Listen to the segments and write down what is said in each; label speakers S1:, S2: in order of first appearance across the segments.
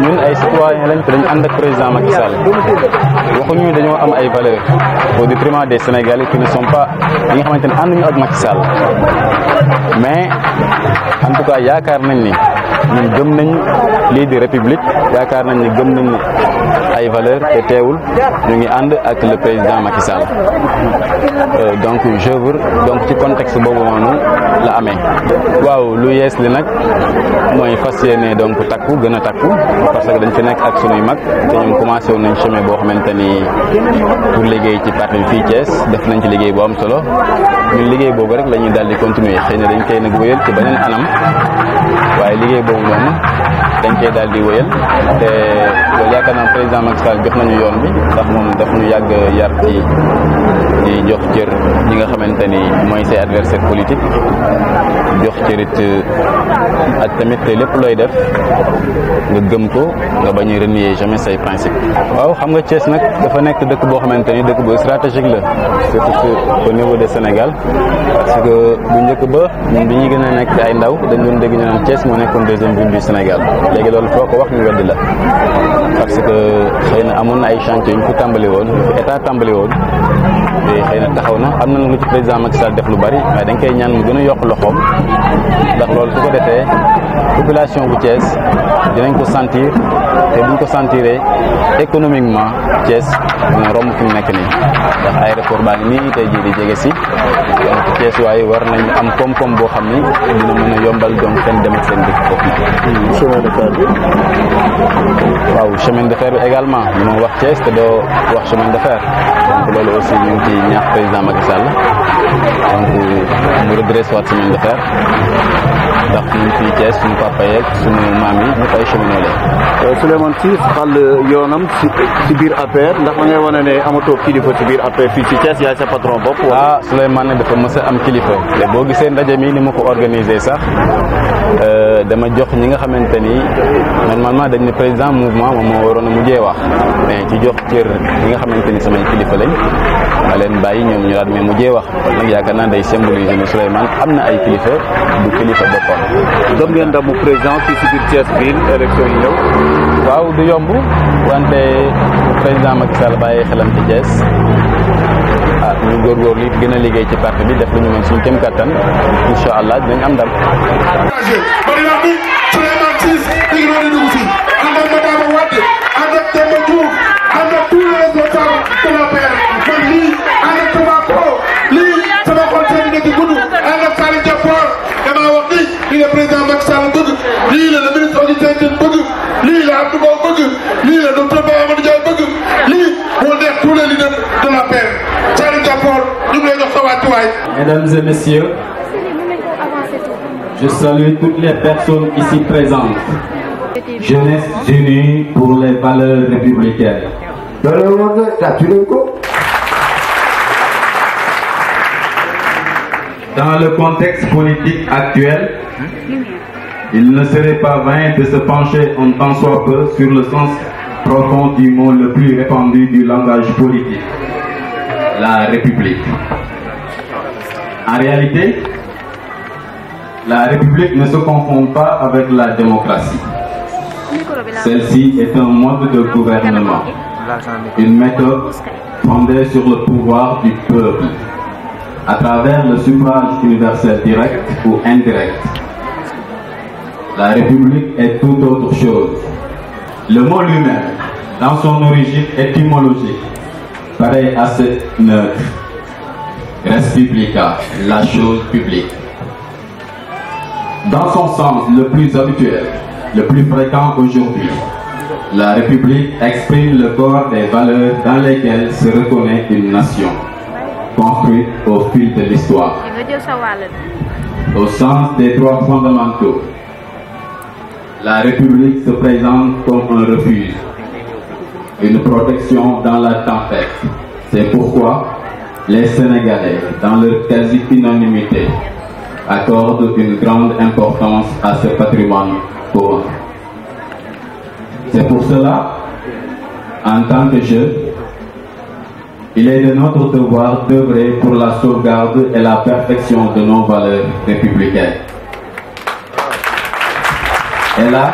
S1: ñun ay citoyen lañ te dañu ànd ak président Macky Sall waxuñu dañoo am ay valeurs au détriment des Sénégalais qui ne sont pas yi nga xamante ne ñu ak Macky Sall mais en tout cas yaakaar nañ ni ñun gëm nañ lii di république yaakaar nañ ni gëm nañ ay valeur te teewul ñu ngi ànd ak le président Macky Sall euh, donc je veux donc ci contexte boobu noonu la amee waaw lu yees li nag mooy fas yéene donc takku gën a takku parce que dañ ci nekk ak sunuy mag te ñoom commencé woon nañ chemin boo xamante ni pour liggéey ci parti bi fii Thiès def nañ ci liggéey bu am solo ñun liggéey boobu rek la ñuy daal di continuer xëy na dañ koy nag wéyal ci beneen anam waaye liggéey ပုံပေါ့နော် dañ koy daal di wéyal te loolu yaakaar naa président Macky Sall jox nañu yoon bi ndax moom daf ñu yàgg yar ci di jox cër ñi nga xamante ni mooy say adversaire politique jox cërit ak tamit lépp looy def nga gëm ko nga bañ a renier jamais say principe waaw xam nga Thiès nag dafa nekk dëkk boo xamante ni dëkk bu stratégique la surtout au niveau de Sénégal parce que bu njëkk ba ñun bi ñuy gën a nekk ay ndaw dañ doon dégg ñu naan moo nekkoon deuxième ville du Sénégal léegi loolu foo ko wax ñu weddi la parce que xëy na amoon na ay chantier yu ñu ko tàmbali woon yu fi état tàmbali woon te xëy na taxaw na am na lu ci président Macky Sall def lu bari dañ koy ñaan mu gën a yokk loxoom ndax loolu su ko defee population bu Thiès dinañ ko sentir te buñ ko sentiree économiquement Thiès dina romb fi nekk nii ndax aéroport baa ngi nii tey jii di jege si kees waaye war nañ am koom-koom boo xam dina mën yombal donc seen dem ak seen dëkk foofu de fer waaw chemin de fer également moo wax Thiès te doo wax chemin de fer donc loolu aussi ñu ngi ñaax président Macky Sall donc mu de fer ndax suñu yi euh, Souleymane Sy ci biir ndax ngay ne amatoo kilifa ci biir APR fii ci Thiès yaay sa patron bopp ah Souleymane dafa mës am kilifa boo gisee ndaje mi ni ma ko organisé sax euh, dama jox ñi nga xamante ni normalement dañ ne président mouvement moom moo waroon a mujjee wax mais ci jox cër ñi nga xamante ni samay kilifa lañ ma leen bàyyi ñoom ñu daal mais mujjee wax kon nag yaakaar naa day symboliser ni Souleymane am na ay kilifa bu kilifa boppam. doon ngeen ndamu président fii si biir Thiès ville élection ñëw. waaw du yomb wante président Macky Sall bàyyi xelam ci Thiès. ah ñu góorgóorlu yi gën a liggéey ci parti bi def lu ñu mën suñu kem kattan incha allah dinañ am ndam. mesdames et messieurs je salue toutes les personnes ici présentes jeunesse unie pour les valeurs républicaines. Dans le contexte politique actuel, il ne serait pas vain de se pencher en tant soit peu sur le sens profond du mot le plus répandu du langage politique la République. En réalité, la République ne se confond pas avec la démocratie. Celle-ci est un mode de gouvernement, une méthode fondée sur le pouvoir du peuple, à travers le suffrage universel direct ou indirect. La République est tout autre chose. Le mot lui-même, dans son origine étymologique, pareil à cette neutre. Reste la chose publique. Dans son sens le plus habituel, le plus fréquent aujourd'hui, la République exprime le corps des valeurs dans lesquelles se reconnaît une nation, construite au fil de l'histoire. Au sens des droits fondamentaux, la République se présente comme un refuge une protection dans la tempête. C'est pourquoi les Sénégalais, dans leur quasi-unanimité, accordent une grande importance à ce patrimoine courant. C'est pour cela, en tant que jeune, il est de notre devoir d'œuvrer pour la sauvegarde et la perfection de nos valeurs républicaines. Et là,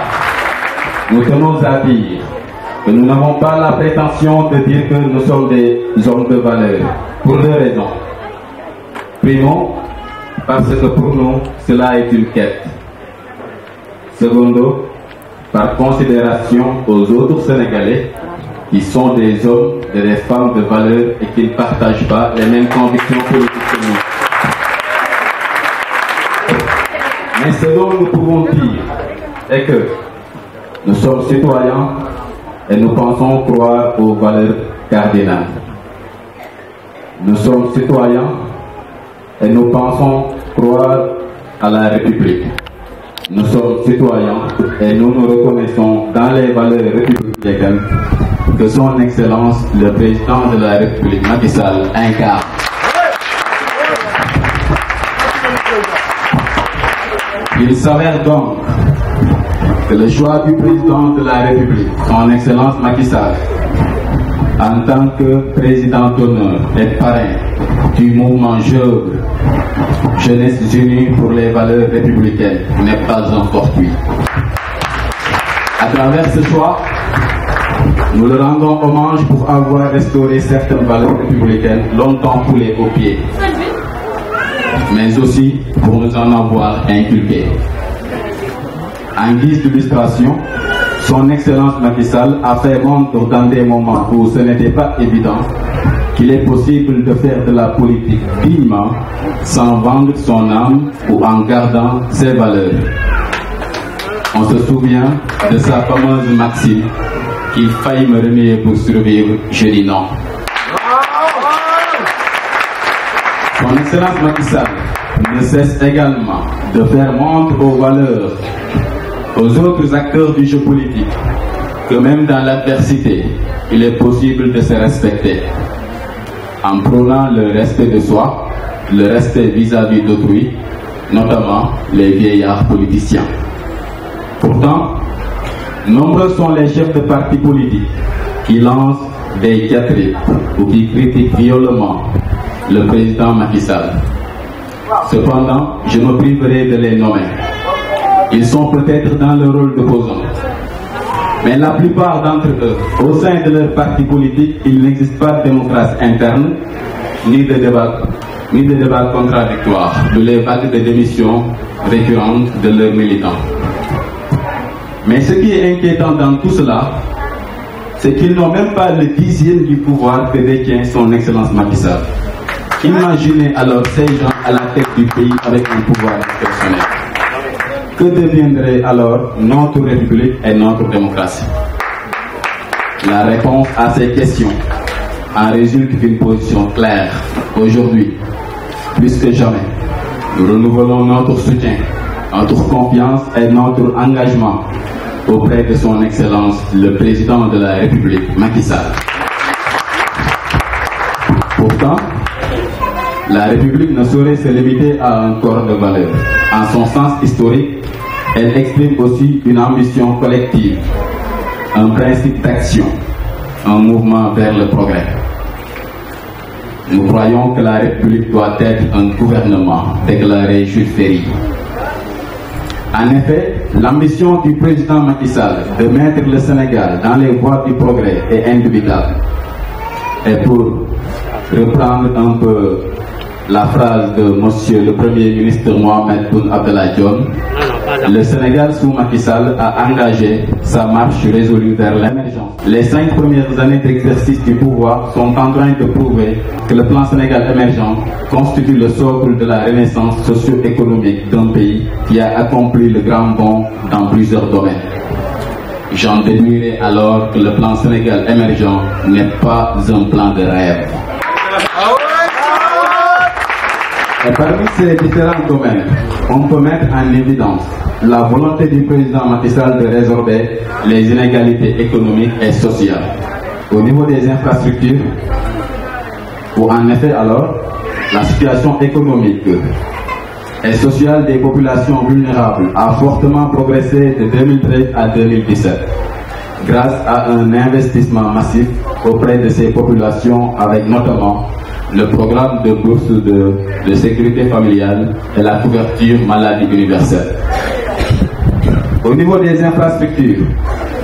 S1: nous tenons à dire nous n'avons pas la prétention de dire que nous sommes des hommes de valeur, pour deux raisons. Primo, parce que pour nous, cela est une quête. Secondo, par considération aux autres Sénégalais qui sont des hommes et des femmes de valeur et qui ne partagent pas les mêmes convictions que nous. Mais ce dont nous pouvons dire est que nous sommes citoyens et nous pensons croire aux valeurs cardinales. Nous sommes citoyens et nous pensons croire à la République. Nous sommes citoyens et nous nous reconnaissons dans les valeurs républicaines que son Excellence le Président de la République Macky incarne. Il s'avère donc que le choix du président de la République, son Excellence Macky Sall, en tant que président d'honneur et parrain du mouvement Jeune, Jeunesse unie pour les valeurs républicaines, n'est pas un fortuit. À travers ce choix, nous le rendons hommage pour avoir restauré certaines valeurs républicaines longtemps coulées aux pieds, mais aussi pour nous en avoir inculquées. En guise d'illustration, son Excellence Macky a fait montre dans des moments où ce n'était pas évident qu'il est possible de faire de la politique dignement sans vendre son âme ou en gardant ses valeurs. On se souvient de sa fameuse maxime qu'il faillit me remuer pour survivre, je dis non. Son Excellence Macky ne cesse également de faire montre aux valeurs aux autres acteurs du jeu politique que même dans l'adversité, il est possible de se respecter en prônant le respect de soi, le respect vis-à-vis d'autrui, notamment les vieillards politiciens. Pourtant, nombreux sont les chefs de partis politiques qui lancent des diatribes ou qui critiquent violemment le président Macky Sall. Cependant, je me priverai de les nommer ils sont peut-être dans le rôle d'opposants. Mais la plupart d'entre eux, au sein de leur parti politique, il n'existe pas de démocratie interne, ni de débat, ni de débat contradictoire, de les vagues de démission récurrentes de leurs militants. Mais ce qui est inquiétant dans tout cela, c'est qu'ils n'ont même pas le dixième du pouvoir que détient son Excellence Macky Imaginez alors ces gens à la tête du pays avec un pouvoir personnel. Que deviendrait alors notre République et notre démocratie La réponse à ces questions en résulte d'une position claire aujourd'hui, plus que jamais. Nous renouvelons notre soutien, notre confiance et notre engagement auprès de son Excellence le Président de la République, Macky Sall. Pourtant, la République ne saurait se limiter à un corps de valeur. En son sens historique, elle exprime aussi une ambition collective, un principe d'action, un mouvement vers le progrès. Nous croyons que la République doit être un gouvernement, déclaré et En effet, l'ambition du président Macky de mettre le Sénégal dans les voies du progrès est indubitable. Et pour reprendre un peu la phrase de Monsieur le Premier ministre Mohamed Boun abdelajon le Sénégal sous Macky a engagé sa marche résolue vers l'émergence. Les cinq premières années d'exercice du pouvoir sont en train de prouver que le plan Sénégal émergent constitue le socle de la renaissance socio-économique d'un pays qui a accompli le grand bond dans plusieurs domaines. J'en déduirai alors que le plan Sénégal émergent n'est pas un plan de rêve. Et parmi ces différents domaines, on peut mettre en évidence la volonté du président Matissal de résorber les inégalités économiques et sociales. Au niveau des infrastructures, où en effet alors, la situation économique et sociale des populations vulnérables a fortement progressé de 2013 à 2017 grâce à un investissement massif auprès de ces populations avec notamment le programme de bourse de, sécurité familiale et la couverture maladie universelle. Au niveau des infrastructures,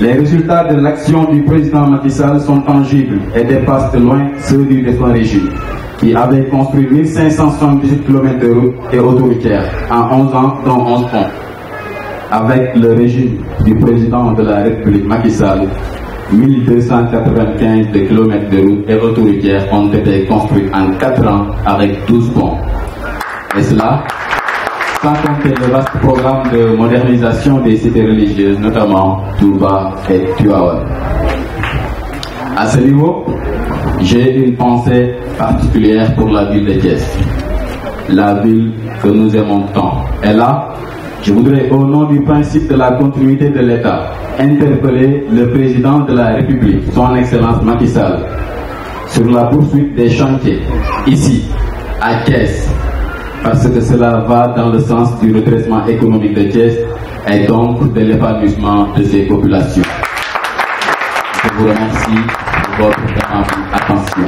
S1: les résultats de l'action du président Macky Sall sont tangibles et dépassent de loin ceux du défunt régime, qui avait construit 1578 km de route et autoritaire en 11 ans, dans 11 ponts. Avec le régime du président de la République Macky Sall, 1295 de de routes et autoroutière ont été construits en 4 ans avec 12 ponts. Et cela, sans compter le vaste programme de modernisation des cités religieuses, notamment Touba et Tuaon. À ce niveau, j'ai une pensée particulière pour la ville de Thiès, la ville que nous aimons tant. Et là, je voudrais, au nom du principe de la continuité de l'État, interpeller le président de la République, son Excellence Macky sur la poursuite des chantiers ici, à Thiès, parce que cela va dans le sens du redressement économique de Thiès et donc de l'épanouissement de ses populations. Je vous remercie pour votre attention.